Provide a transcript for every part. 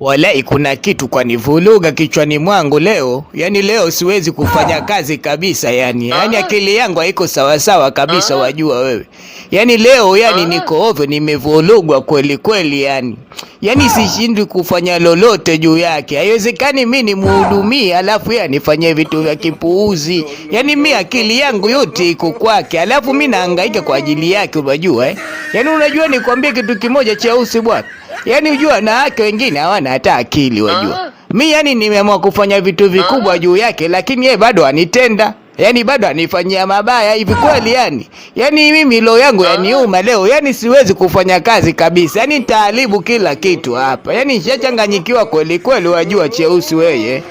Walai, kuna kitu kwanivuruga kichwani mwangu leo, yani leo siwezi kufanya ah. kazi kabisa, yani ah. yani akili yangu haiko sawasawa kabisa, ah. wajua wewe, yani leo yani niko ovyo, nimevurugwa kweli kweli, yani yani sishindwi kufanya lolote juu yake. Haiwezekani mi nimuhudumie alafu yeye anifanyie vitu vya kipuuzi, yani mi akili yangu yote iko kwake, alafu mi naangaika kwa ajili yake, unajua eh? Yani unajua nikwambie kitu kimoja cheusi bwana Yaani ujua na wake wengine hawana hata akili wajua. Ah. Mi yani nimeamua kufanya vitu vikubwa ah. juu yake, lakini yeye bado anitenda. Yaani bado anifanyia mabaya hivi kweli yani. Yaani mimi roho yangu ah. yaniuma leo. Yaani siwezi kufanya kazi kabisa. Yaani nitaharibu kila kitu hapa. Yaani nishachanganyikiwa kweli kweli wajua cheusi weye.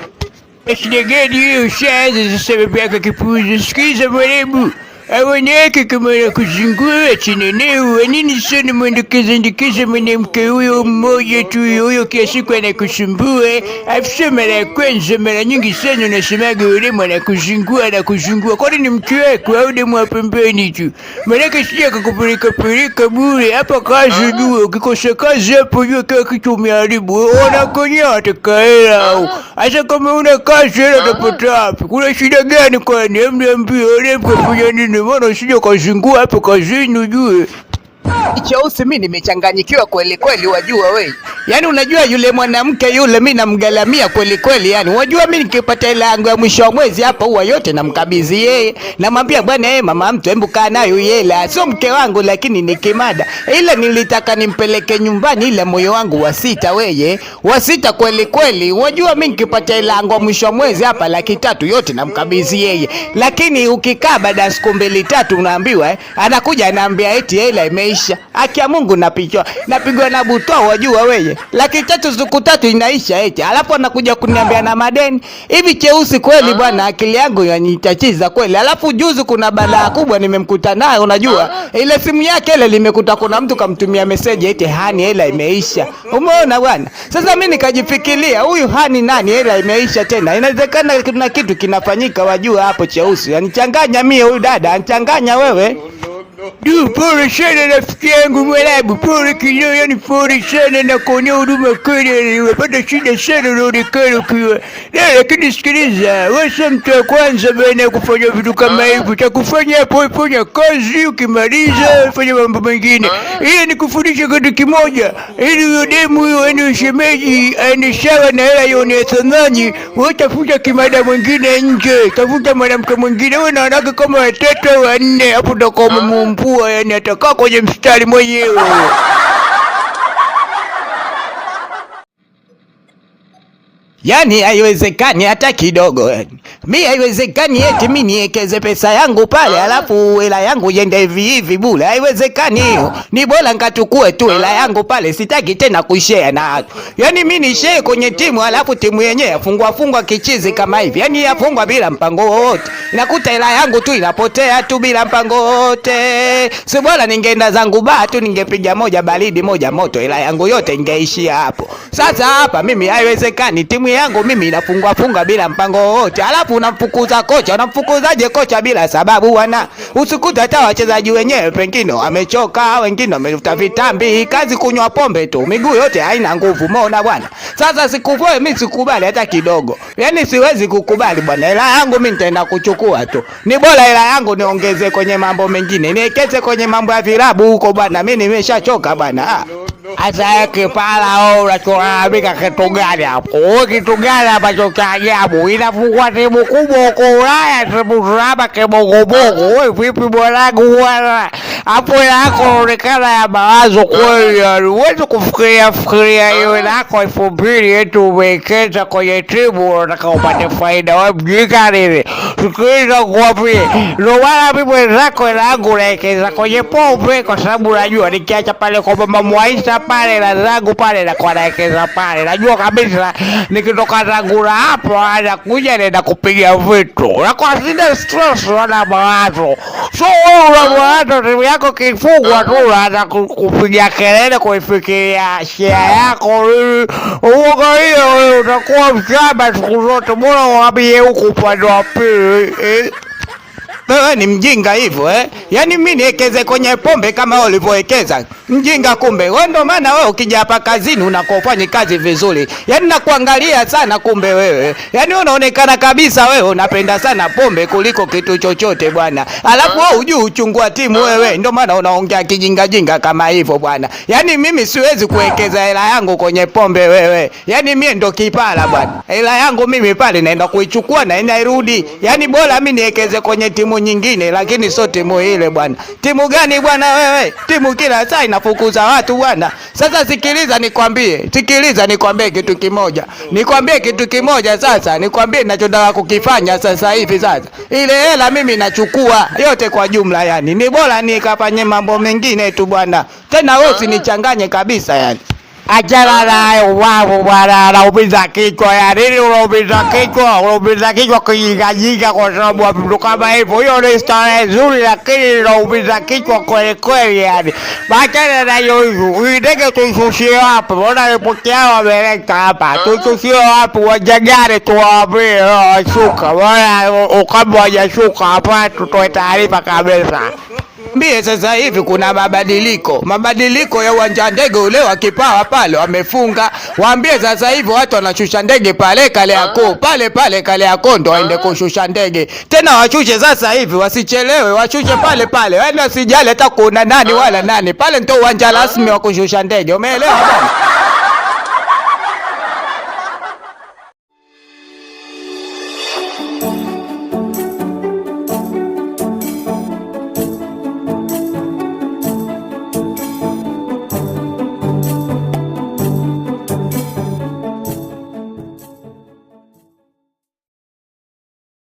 Basi hiyo ushaanza sasa, baba Sikiza mwarembo awanawake kama na kuzingua chini neo, wanini sana mwendekeza ndekeza mwanamke huyo mmoja tu huyo, kila siku anakusumbua. Afisa mara ya kwanza, mara nyingi sana unasemaga ule mwana kuzingua na kuzingua, kwani ni mke wako au demu wa pembeni tu? Maanake sija kakupeleka peleka bure hapa. Kazi jua, ukikosa kazi hapo jua kila kitu umeharibu, wanakonya watakaela au hasa kama una kazi hela utapata wapi? Kuna shida gani? Kwani emniambie, ole mkakuja nini? ndio maana usije ukazingua hapo kazini ujue cheusi mi nimechanganyikiwa kweli kweli, wajua we, yani unajua yule mwanamke yule mi namgalamia kweli kweli, yani wajua mi nikipata hela yangu ya mwisho wa mwezi hapa huwa yote namkabidhi yeye, namwambia bwana, yeye eh, mama mtu, hebu kaa nayo hela, sio mke wangu lakini ni kimada, ila nilitaka nimpeleke nyumbani, ila moyo wangu wasita, weye wasita kweli kweli. Wajua mi nikipata hela yangu ya mwisho wa mwezi hapa laki tatu yote namkabidhi yeye, lakini ukikaa baada ya siku mbili tatu unaambiwa eh, anakuja anaambia eti hela imeisha inaisha. Haki ya Mungu napigwa. Napigwa na butoa wajua wewe. Laki tatu siku tatu inaisha eti. Alafu anakuja kuniambia na madeni. Hivi cheusi kweli ah. bwana, akili yangu yanitachiza kweli. Alafu juzi kuna balaa kubwa nimemkuta naye unajua. Ah, ah. Ile simu yake ile limekuta kuna mtu kamtumia message eti hani hela imeisha. Umeona bwana? Sasa mimi nikajifikiria huyu hani nani hela imeisha tena. Inawezekana kuna kitu kinafanyika wajua hapo cheusi. Anichanganya mie huyu dada, anichanganya wewe. Du, pole sana rafiki yangu Mwarabu, pole kidogo, ni pole sana na kuonea huduma kali, umepata shida sana, unaonekana ukiwa na. Lakini sikiliza, wewe sio mtu wa kwanza bana kufanya vitu kama ah. hivyo. kufanya hapo, fanya kazi, ukimaliza ah. fanya mambo mengine. ni ah. nikufundishe kitu kimoja, ili huyo demu huyo, yaani ushemeji, aende shawa na hela yone thamani, wewe tafuta kimada mwingine nje, tafuta mwanamke mwingine, wewe na wanawake kama watatu wanne, hapo utakuwa mvua, yani atakaa kwenye mstari mwenyewe. Yani haiwezekani hata kidogo. Mi haiwezekani eti mi niekeze pesa yangu pale alafu hela yangu yende hivi hivi bule, Haiwezekani hiyo. Ni bora nikatukue tu hela yangu pale, sitaki tena kushare na watu. Yani mi ni share kwenye timu alafu timu yenyewe afungwa fungwa kichizi kama hivi. Yani yafungwa bila mpango wowote. Nakuta hela yangu tu inapotea tu bila mpango wowote. Si bora ningeenda zangu baa tu ningepiga moja baridi moja moto, hela yangu yote ingeishia hapo. Sasa hapa mimi haiwezekani timu timu yangu mimi inafungwa funga bila mpango wowote, alafu unamfukuza kocha. Unamfukuzaje kocha bila sababu? Wana usikuta hata wachezaji wenyewe pengine wamechoka, wengine wamevuta vitambi, kazi kunywa pombe tu, miguu yote haina nguvu. Umeona bwana? Sasa sikupoe mimi, sikubali hata kidogo, yani siwezi kukubali bwana. Hela yangu mimi nitaenda kuchukua tu, ni bora hela yangu niongeze kwenye mambo mengine, niekeze kwenye mambo ya vilabu huko bwana, mimi nimeshachoka bwana. Ah. Saya kepala racungan habis kat ketungan ya. Oh, ketungan lah macam caknya. Abu ina bukan ni buku buku lah. Sebut serabak ke buku buku. Pipi bola gua lah. hapo yako onekana ya mawazo kweli, aliwezi kufikiria fikiria iwe lako elfu mbili yetu umewekeza kwenye timu, unataka upate faida. We mjinga nini? Sikiliza kuwapie, ndo maana mi mwenzako langu naekeza kwenye pombe, kwa sababu najua nikiacha pale kwa mama Mwaisa pale na zangu pale kwa naekeza pale, najua kabisa nikitoka zangu na hapo anakuja naenda kupiga vitu, nakuwa zina stress wana mawazo so wewe unamwaata timu yako kifungwa tu, unaanza kupiga kelele kuifikiria shia yako lili uoga. Hiyo utakuwa mshamba siku zote. Mbona waambie huku upande wa pili eh? wewe ni mjinga hivyo eh? Yaani mimi niwekeze kwenye pombe kama wewe ulivyowekeza mjinga? Kumbe wewe ndio maana wewe ukija hapa kazini unakofanya kazi vizuri, yaani nakuangalia sana. Kumbe wewe yaani unaonekana kabisa wewe unapenda sana pombe kuliko kitu chochote bwana, alafu wewe hujui uchungua timu wewe, ndio maana unaongea kijinga jinga kama hivyo bwana. Yaani mimi siwezi kuwekeza hela yangu kwenye pombe wewe, yaani mimi ndo kipala bwana, hela yangu mimi pale naenda kuichukua na inarudi. yaani bora mimi niwekeze kwenye timu nyingine, lakini sio timu ile bwana. Timu gani bwana wewe? Timu kila saa inafukuza watu bwana. Sasa sikiliza nikwambie, sikiliza nikwambie kitu kimoja, nikwambie kitu kimoja sasa, nikwambie ninachotaka kukifanya sasa hivi. Sasa ile hela mimi nachukua yote kwa jumla, yani ni bora nikafanye mambo mengine tu bwana, tena wewe usinichanganye kabisa yani ajarara wabu barara ubiza kichwa ya nini? Unaubiza ah. kichwa, unaubiza kichwa kijigajiga, kwa sababu vitu kama hivyo. Hiyo ni historia nzuri, lakini inaubiza kichwa kweli kweli. Yani bachana na hiyo hiyo hii ndege tuishushie wapi? Mbona ripoti yao wameleta hapa, ah. tuishushie wapi? Waja gani tuwaambie washuka? Oh, Mbona kama wajashuka hapa, tutoe taarifa kabisa nikwambie, sasa hivi kuna mabadiliko, mabadiliko ya uwanja ndege ule wa Kipawa pale wamefunga. Waambie sasa hivi watu wanashusha ndege pale Kariakoo, ah. pale pale kaleako ndo waende ah. kushusha ndege tena, washushe sasa hivi, wasichelewe, washushe pale pale, yaani wasijali hata kuna nani ah. wala nani pale, ndo uwanja rasmi wa kushusha ndege. Umeelewa bwana?